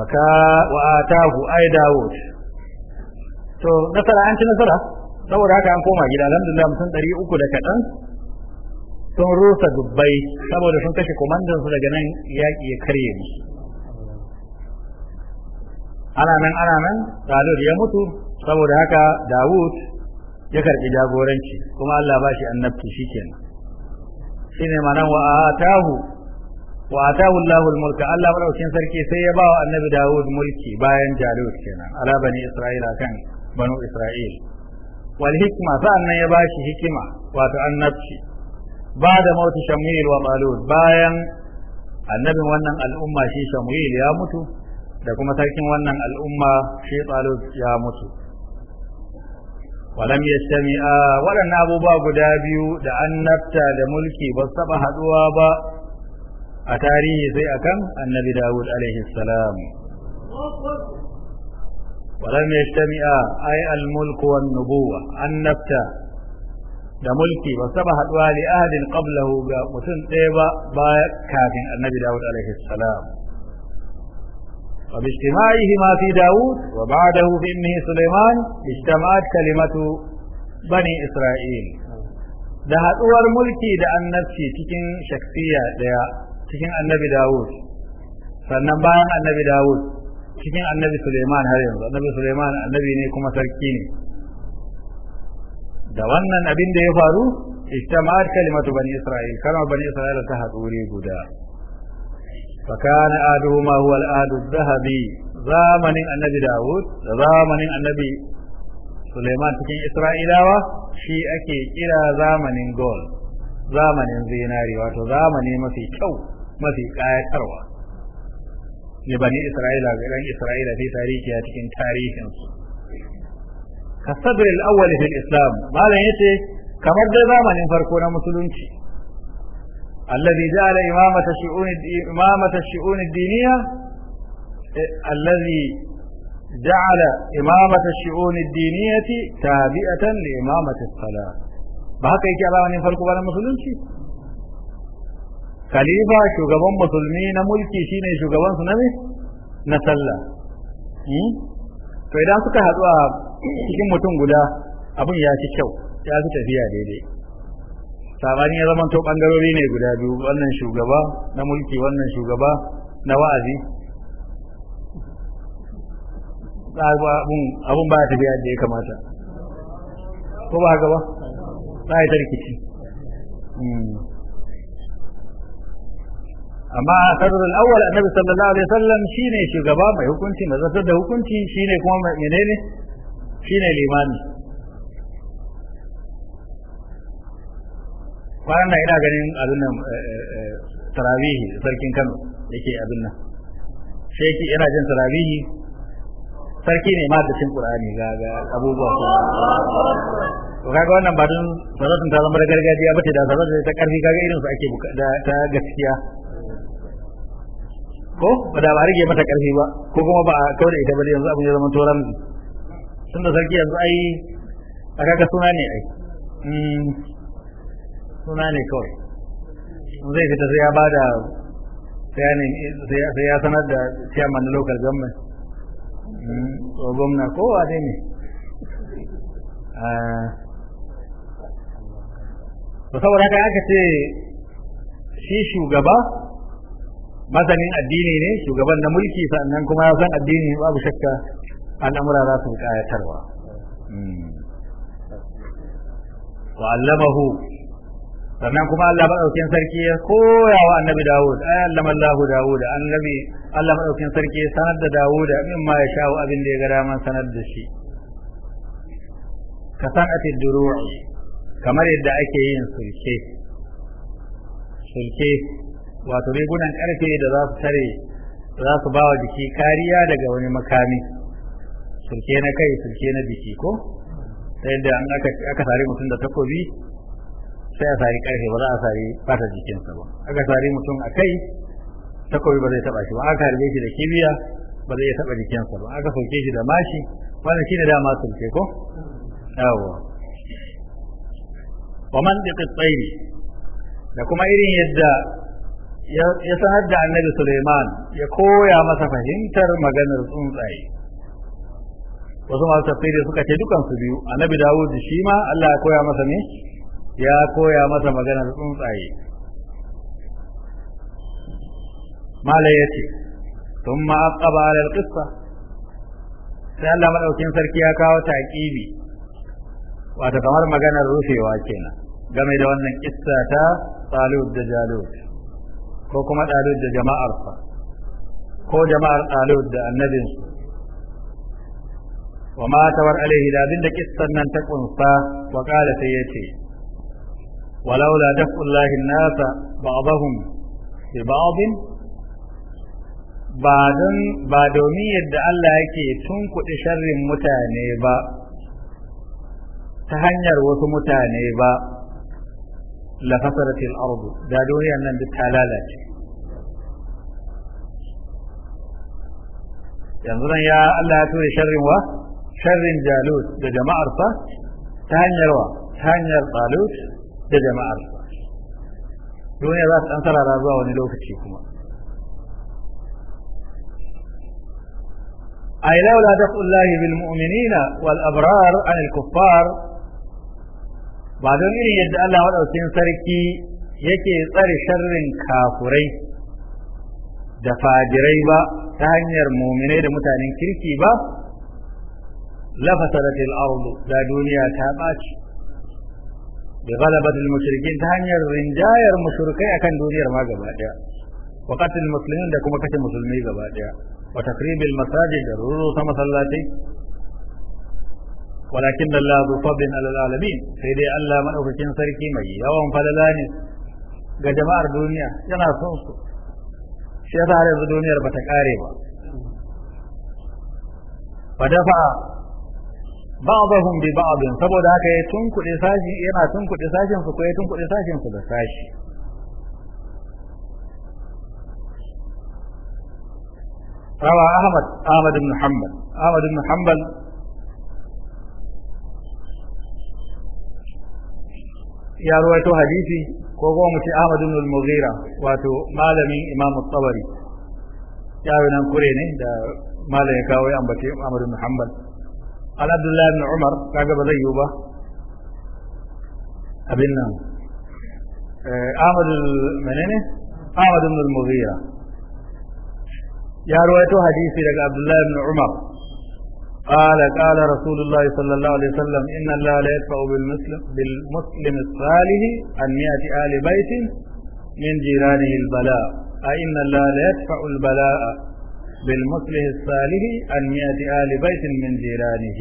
wa atahu ai dawud to nasara an ci nasara saboda haka an koma gida alhamdulillah mutum ɗari uku da kaɗan sun rusa dubbai saboda sun kashe komandan su daga nan yaƙi ya karye musu ana nan ana nan dalil ya mutu saboda haka Dawud ya karɓi jagoranci kuma Allah ba shi annabci shikenan shine manan wa atahu wa atahu Allahul mulka Allah maɗaukin sarki sai ya ba wa annabi Dawud mulki bayan Jalud kenan ala bani Isra'ila kan banu Isra'il wal hikma sa'annan ya ba shi hikima wato annabci ba da mautu shamuil wa malud bayan annabin wannan al'umma shi shamuil ya mutu da kuma sarkin wannan al'umma shi malud ya mutu walam yastami'a waɗannan abubuwa guda biyu da annabta da mulki ba taɓa haɗuwa ba a tarihi sai akan annabi dawud alaihi salam walam yastami'a ay al-mulku wan-nubuwa annabta da mulki ba saba haduwa li ahadin qablahu ga mutum ɗaya ba ba kafin annabi Dawud alaihi salam wa bi ijtimaihi ma fi Dawud wa ba'dahu fi ummihi Sulaiman ijtama'at kalimatu bani Isra'il da haduwar mulki da annabci cikin shaksiya ɗaya cikin annabi Dawud sannan bayan annabi Dawud cikin annabi Sulaiman har yanzu annabi Sulaiman annabi ne kuma sarki ne da wannan abin da ya faru ijtama'at kalimatu bani isra'il kana bani Isra'il ta wuri guda fa kana adu ma huwa al-adu dhahabi zamanin annabi Dawud da zamanin annabi Suleiman cikin Isra'ilawa shi ake kira zamanin gol zamanin zinari wato zamani mafi kyau mafi kayatarwa ne bani Isra'ila ga Isra'ila fi tarihi cikin tarihinsu كالصدر الأول في الإسلام ما يتي كما الدزامة ينفركون مسلمتي الذي جعل إمامة الشؤون إمامة الشؤون الدينية الذي جعل إمامة الشؤون الدينية تابعة لإمامة الصلاة بحق إيكي على أن ينفرقوا بين المسلمين خليفة شغبان مسلمين ملكي شين شغبان سنبه نسلا إيه؟ فإذا سكا هدوا cikin mutum guda abun ya fi kyau ya fi tafiya daidai sabani ya zama to bangarori ne guda biyu wannan shugaba na mulki wannan shugaba na wa'azi abun ba tafiya da ya kamata ko ba gaba? ba ba ya tarkici hmm. amma a sadar al'awwal annabi sallallahu alaihi wasallam shine shugaba mai hukunci na zartar da hukunci shine kuma mai menene shine limani kwanan da ina ganin abin nan eh, eh, eh, tarawihi sarkin kano yake abin nan sai yake yana jin tarawihi sarki ne ma da cin qur'ani ga ga abubuwa to kaga wannan ba dun salatun ta zama da gargajiya ba ce da salatun ta karfi kaga irin su ake da ta gaskiya ko ba da ba rage mata karfi ba ko kuma ba a kaure ita ba yanzu abin ya zama toran tun da sarki yanzu ai a kaga suna ne ai hmm, suna ne kawai zai fita sai ya bada sai ya sanar da chairman na local government hmm, ko gwamna ko wane ne ah, to saboda haka aka ce shi shugaba mazanin addini ne shugaban na mulki sannan kuma ya san addini babu shakka al'amura za su kayatarwa wa allamahu sannan kuma Allah madaukin sarki ya koya wa annabi Dawud ay allama Allahu Dawud annabi Allah madaukin sarki ya sanar da Dawud min ma ya shawo abin da ya ga daman sanar da shi ka sanati duru'i kamar yadda ake yin sulke sulke wato rigunan karfe da za su tare za su ba wa jiki kariya daga wani makami sulke na kai sulke na biki ko ta yadda an aka sari mutum da takobi sai a sari karfe ba za a sari fata jikinsa ba aka sari mutum a kai takobi ba zai taba shi ba aka harbe shi da kibiya ba zai taba jikinsa ba aka sauke shi da mashi wanda shi ne dama sulke ko yawa wa man da tsairi da kuma irin yadda ya sanar da annabi Suleiman ya koya masa fahimtar maganar tsuntsaye wasu masu tafsiri suka ce dukan su biyu annabi dawud shi ma Allah ya koya masa ne ya koya masa magana da tsuntsaye malai ya ce sun ma'aƙaba alal ƙissa sai Allah maɗaukin sarki ya kawo ta taƙibi wata kamar maganar rufewa kenan game da wannan ƙissa ta tsalud da jalud ko kuma tsalud da jama'arsa ko jama'ar tsalud da annabinsu وما تور عليه لا بد كسر من تكون فا وقال سيتي ولولا دفع الله الناس بعضهم ببعض بعدن بعدومية الله كي تنكو شر متانيبا تهنجر وث متانيبا لفترة الأرض دادوني أن بالتالالات ينظرن يا الله تولي شر وث شرن جالوت ده جماعة عرفة تاني روا تاني جالوت ده جماعة عرفة دوني راس أنصر رضا ونلوك تشيكما أي لولا دفع الله بالمؤمنين والأبرار عن الكفار بعد أن يجد الله ولو تنصركي يكي طري شر كافري دفاجري با تهنير مؤمنين متعنين كريكي با lafasarat al-ard da duniya ta ɓaci. bi ghalabat al ta hanyar rinjayar mushrikai akan duniyar ma gaba ɗaya? wa qatl da kuma kashe musulmi gaba ɗaya. Wata takrib al da ruru ta masallatai walakin Allah zu fadlin alal sai dai Allah madaukakin sarki mai yawan falala ne ga jama'ar duniya yana son su shi sa har yanzu duniyar ba ta kare ba Ba dafa. بعضهم ببعض سبو ده كي تنكو إساجين إينا تنكو إساجين فكوية تنكو إساجين فدساجين روى أحمد أحمد بن حنبل أحمد بن حنبل يا رواية حديثي كوغومة أحمد بن المغيرة واتو مالمي إمام الطبري يا رواية نمكريني مالي كاوي أمبتي أحمد بن حنبل قال عبد الله بن عمر kaga ba ابن yiwu ba abin بن المغيره يا رويت ibn al-Mughira ya rawaito hadisi قال قال رسول الله صلى الله عليه وسلم إن الله لا يدفع بالمسلم, بالمسلم الصالح عن ياتي آل بيت من جيرانه البلاء ان الله لا يدفع البلاء بالمصلح الصالح أن يأتي آل بيت من جيرانه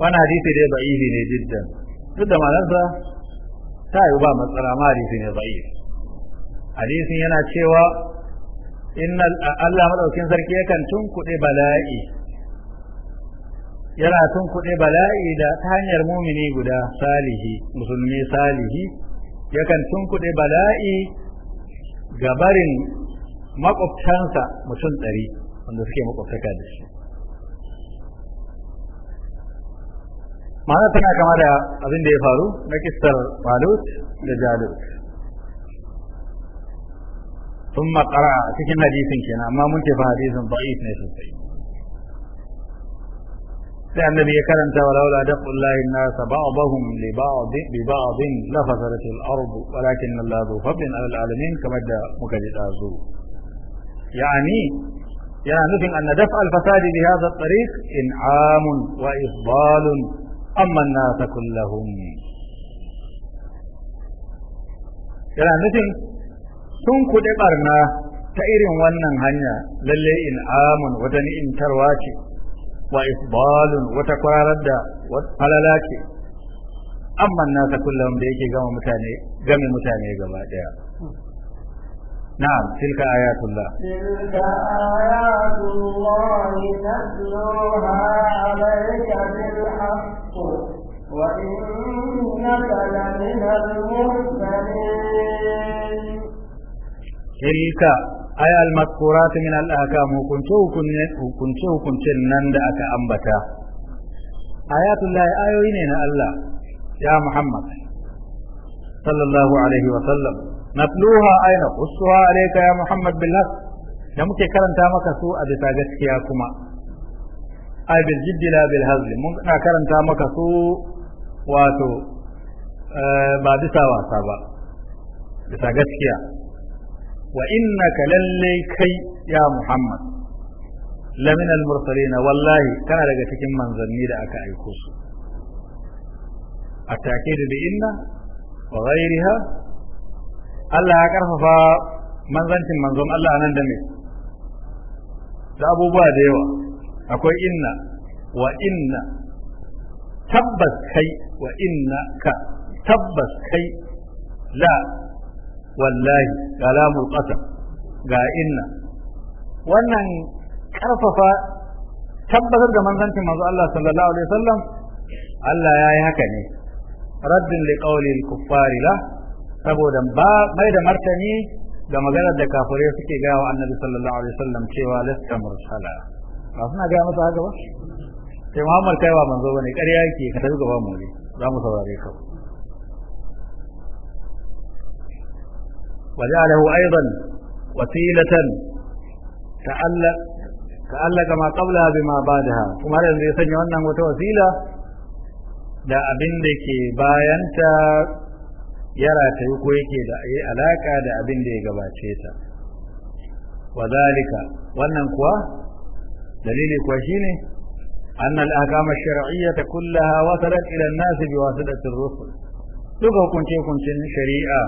وانا حديث دي ضعيف جدا جدا ما ننسى تايو با مسألة ما حديث ضعيف حديث ينا cewa إن Allah مدوكين sarki yakan tunkuɗe bala'i yana tunkuɗe bala'i da ta hanyar mumini guda salihi musulmi salihi yakan tunkuɗe bala'i gabarin makwabtansa mutum ɗari wanda suke makwabtaka da shi ma'ana tana kama da abin da ya faru na kistar balut da jalut ثم a cikin hadisin kenan amma mun ce fa hadisin ba'is ne sosai sai annabi ya karanta walaula daqullahi nas ba'dahum li ba'd bi ba'd la fasadat al-ard walakin Allah zu fadlin 'ala al-alamin kamar da muka ji dazu yani yana nufin anna daf al-fasadi bi hadha at-tariq in'am wa isdal amma an-nas kulluhum yana nufin sun kuɗe barna ta irin wannan hanya lalle in'amun wata ni'imtarwa ce wa isbalun wata kwarar da halala ce amma nasa kullum da yake gama mutane game mutane gaba daya na'am tilka ayatullah tilka ayatullah natluha alayka bil haqq wa innaka lamina al-mursalin ay al-mazkurat min al-ahkam hukunce hukunce hukuncen nan da aka ambata ayatullahi ayoyi ne na Allah ya Muhammad sallallahu alaihi wa sallam natluha ay naqussuha alayka ya Muhammad bil da muke karanta maka su a bisa gaskiya kuma ay bil jiddi la bil hazli mun karanta maka su wato eh, ba bisa wasa ba bisa gaskiya wa ka lalle kai ya muhammad lamin al-mursalina wallahi kana daga cikin manzanni da aka aiko su a take da inna wa ghairiha Allah ya karfafa manzancin manzon Allah nan da me da abubuwa da yawa akwai inna wa inna tabbas kai wa inna ka tabbas kai la wallahi kalamul qasam ga inna wannan karfafa tabbatar da manzancin manzo Allah sallallahu alaihi wasallam Allah ya yi haka ne raddin liqawlil kuffari la saboda ba mai da martani ga maganar da kafirai suke gaya wa annabi sallallahu alaihi wasallam cewa lasta mursala ba suna gaya masa haka ba sai Muhammad kaiwa manzo bane ƙarya yake ka tafi gaba mu ne za mu saurare ka وجعله أيضا وسيلة تعلق تعلق ما قبلها بما بعدها kuma da zai sanya wannan wata wasila da abin da ke bayanta ya rataye ko yake da yi alaka da abin da ya gabace ta wadalika wannan kuwa dalili kuwa shine أن الأحكام الشرعية كلها وصلت إلى الناس بواسطة الرسل duk hukunce-hukuncin shari'a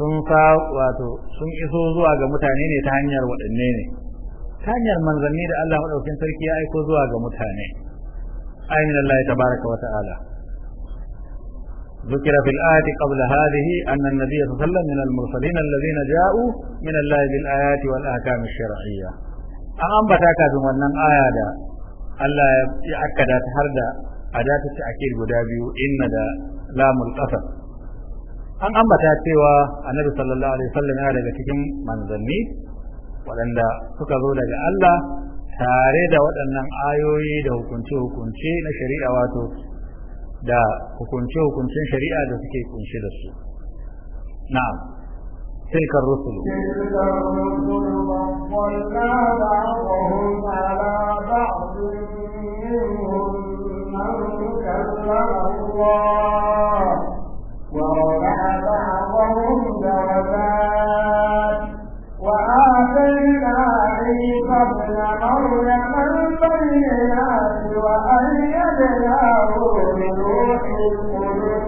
sun ka wato sun iso zuwa ga mutane ne ta hanyar waɗanne ne ta hanyar manzanni da Allah madaukakin sarki ya aiko zuwa ga mutane ayin Allah tabaraka wa ta'ala ذكر في الآية قبل هذه أن النبي صلى الله عليه وسلم من المرسلين الذين جاءوا من الله بالآيات والأحكام الشرعية أم بتاكا من آية Allah ya akkada ta har da a ta akir guda biyu inna da lamul qasam an ambata cewa annabi sallallahu alaihi wasallam yana daga cikin manzanni waɗanda suka zo daga Allah tare da waɗannan ayoyi da hukunce-hukunce na shari'a wato da hukunce-hukuncen shari'a da suke kunshi da su na'am تلك الرسل تلك الرسل فضلنا بعضهم على بعض منهم من كلم الله ورفع بعضهم درجات وآتينا عيسى ابن مريم وأيدناه بروح القدس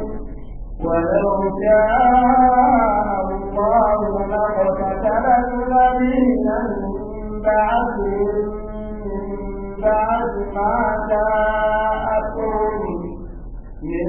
ولو شاء الله لاقتتل الذين من بعدهم من بعد ما جاءتهم من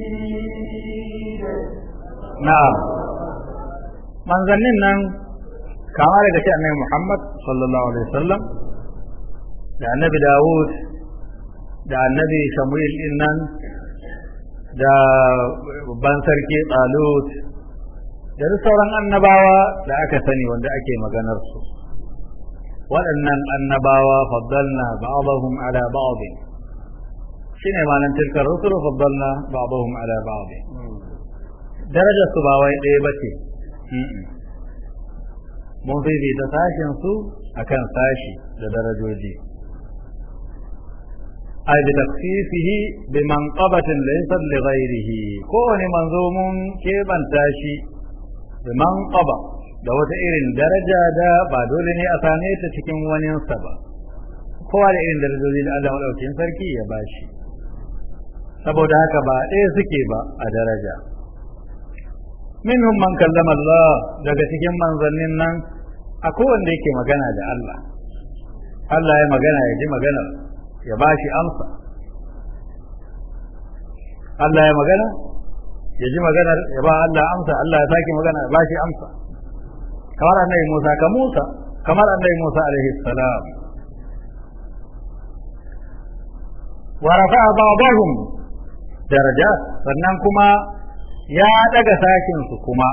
na'am manzannin nan kama daga shi annabi Muhammad sallallahu alaihi wasallam da annabi Dawud da annabi Samuel din nan da babban sarki Talut da sauran annabawa da aka sani wanda ake maganar su waɗannan annabawa faddalna ba'dahum ala ba'd shine malan tilkar rusulu faddalna ba'dahum ala ba'd darajar su ba wai ɗaya ba bace mun fifita sashen su kan sashi da darajoji ay bi taqsisihi bi manqabatin laysat li ghayrihi ko wani manzo mun kebanta shi bi man ƙaba da wata irin daraja da ba dole ne a same ta cikin wani sa ba kowa da irin darajoji da Allah madaukakin sarki ya bashi saboda haka ba ɗaya suke ba a daraja minhum man kallama Allah daga cikin manzannin nan akwai wanda yake magana da Allah Allah ya magana ya ji magana ya ba shi amsa Allah ya magana ya ji magana ya ba Allah amsa Allah ya magana ya amsa kamar annabi Musa ka Musa kamar annabi Musa alaihi salam wa rafa'a ba'dahum daraja sannan kuma ya daga sashin su kuma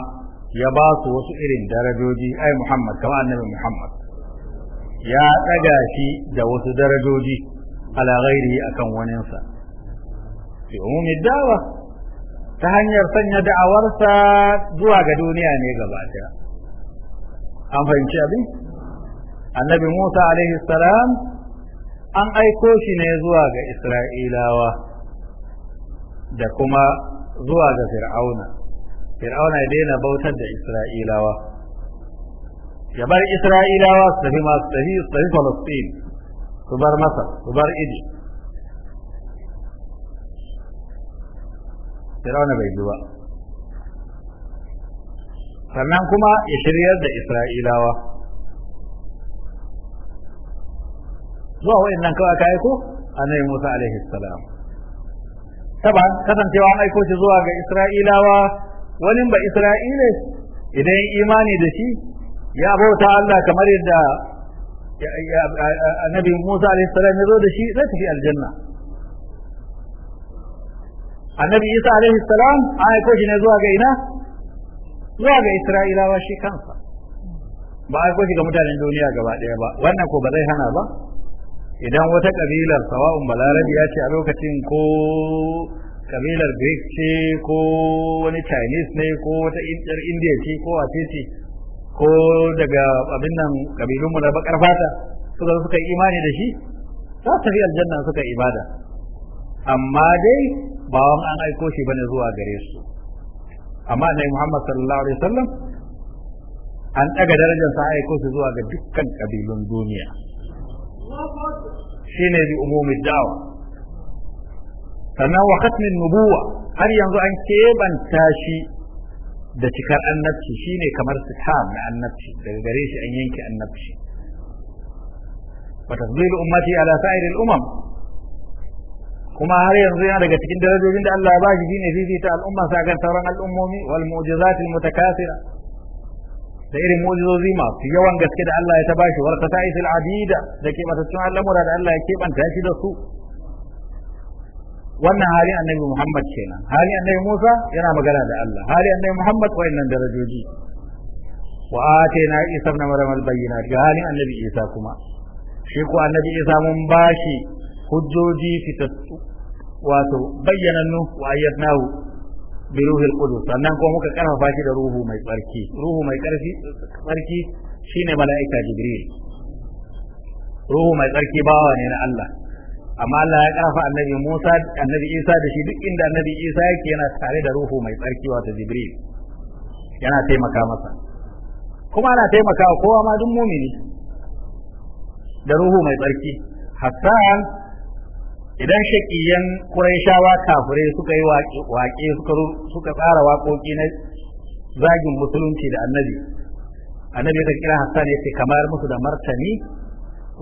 ya ba su wasu irin darajoji ai Muhammad kama annabi Muhammad ya daga shi da wasu darajoji ala ghairi akan waninsa fi umumi da'wa ta hanyar sanya da'awarsa zuwa ga duniya ne gaba ɗaya an fahimci abin annabi Musa alaihi salam an aiko shi ne zuwa ga Isra'ilawa da kuma zuwa ga fir'auna fir'auna ya daina bautar da isra'ilawa ya bar isra'ilawa su tafi masu tafi su tafi falastin su bar masa su bar idi fir'auna bai ji ba sannan kuma ya shiryar da isra'ilawa zuwa wa'in nan kawai ka aiko annabi musa alaihi salam taba kasancewa an aiko shi zuwa ga Isra'ilawa wani ba Isra'ile idan imani da shi ya bauta Allah kamar yadda annabi Musa alaihi salam ya zo da shi zai tafi aljanna annabi Isa alaihi salam an aiko shi ne zuwa ga ina zuwa ga Isra'ilawa shi kansa ba aiko shi ga mutanen duniya gaba daya ba wannan ko ba zai hana ba idan wata kabilar sawa'un balarabi ya ce a lokacin ko kabilar greek ce ko wani chinese ne ko wata yar india ce ko a ce ko daga abin nan mu na bakar fata suka suka yi imani da shi za su tafi aljanna suka yi ibada amma dai ba wani an aiko shi bane zuwa gare su amma annabi Muhammad sallallahu alaihi wasallam an daga darajar sa aiko shi zuwa ga dukkan kabilun duniya ne bi umumi da'wa sannan wa khatmin nubuwa har yanzu an kebanta shi da cikar annabci shine kamar sitam na annabci daga gare shi an yanke annabci wa tafdilu ummati ala sa'iril umam kuma har yanzu yana daga cikin darajojin da Allah ya bashi shine fifita al'umma sa ga sauran al'ummomi wal mu'jizatil mutakathira da irin mu'jizozi masu yawan gaske da Allah ya ta bashi warkata isil adida da ke matattun al'amura da Allah ya keɓanta shi da su wannan hali annabi Muhammad kenan hali annabi Musa yana magana da Allah hali annabi Muhammad wayannan darajoji wa atayna Isa ibn Maryam al-bayyinat ga hali annabi Isa kuma shi ko annabi Isa mun bashi hujjoji fitattu wato bayyanannu wa ayyadnahu bi ruhil sannan kuma muka karfafa shi da ruhu mai tsarki ruhu mai karfi tsarki shine mala'ika jibril ruhu mai tsarki bawa ne na Allah amma Allah ya karfa annabi Musa annabi Isa da shi duk inda annabi Isa yake yana tare da ruhu mai tsarki wato Jibril yana taimaka masa kuma ana taimaka kowa ma duk mumini da ruhu mai tsarki hatta idan shakiyan Qurayshawa kafure suka yi waƙe suka tsara waƙoƙi na zagin musulunci da annabi annabi ya kira Hassan ce kamar musu da martani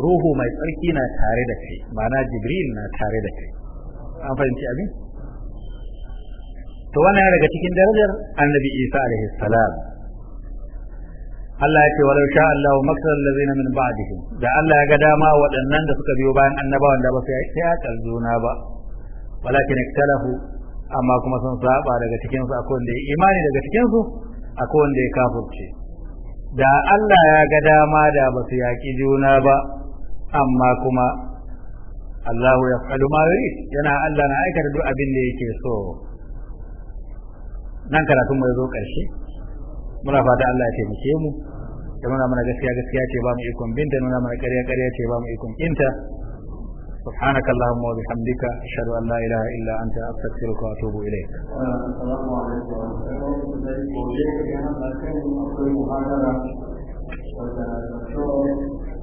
ruhu mai tsarki na tare da kai ma'ana Jibril na tare da kai an fahimci abin to wannan daga cikin darajar annabi Isa alaihi salam Allah ya ce wa sha Allahu maksar allazina min ba'dihim da Allah ya ga dama waɗannan da suka biyo bayan annabawan da ba su ya juna ba walakin iktalahu amma kuma sun saba daga cikin su akwai wanda ya imani daga cikin su akwai wanda ya kafurce, da Allah ya ga dama da ba su yaƙi juna ba amma kuma Allahu ya faɗu ma yana Allah na aikata duk abin da yake so nan karatun mai zo ƙarshe muna fata Allah ya taimake mu ya nuna mana gaskiya gaskiya ce ba mu ikon binta nuna mana ƙarya ƙarya ce ba mu ikon kinta سبحانك اللهم وبحمدك أشهد أن لا إله إلا أنت أستغفرك وأتوب إليك السلام عليكم ورحمة الله وبركاته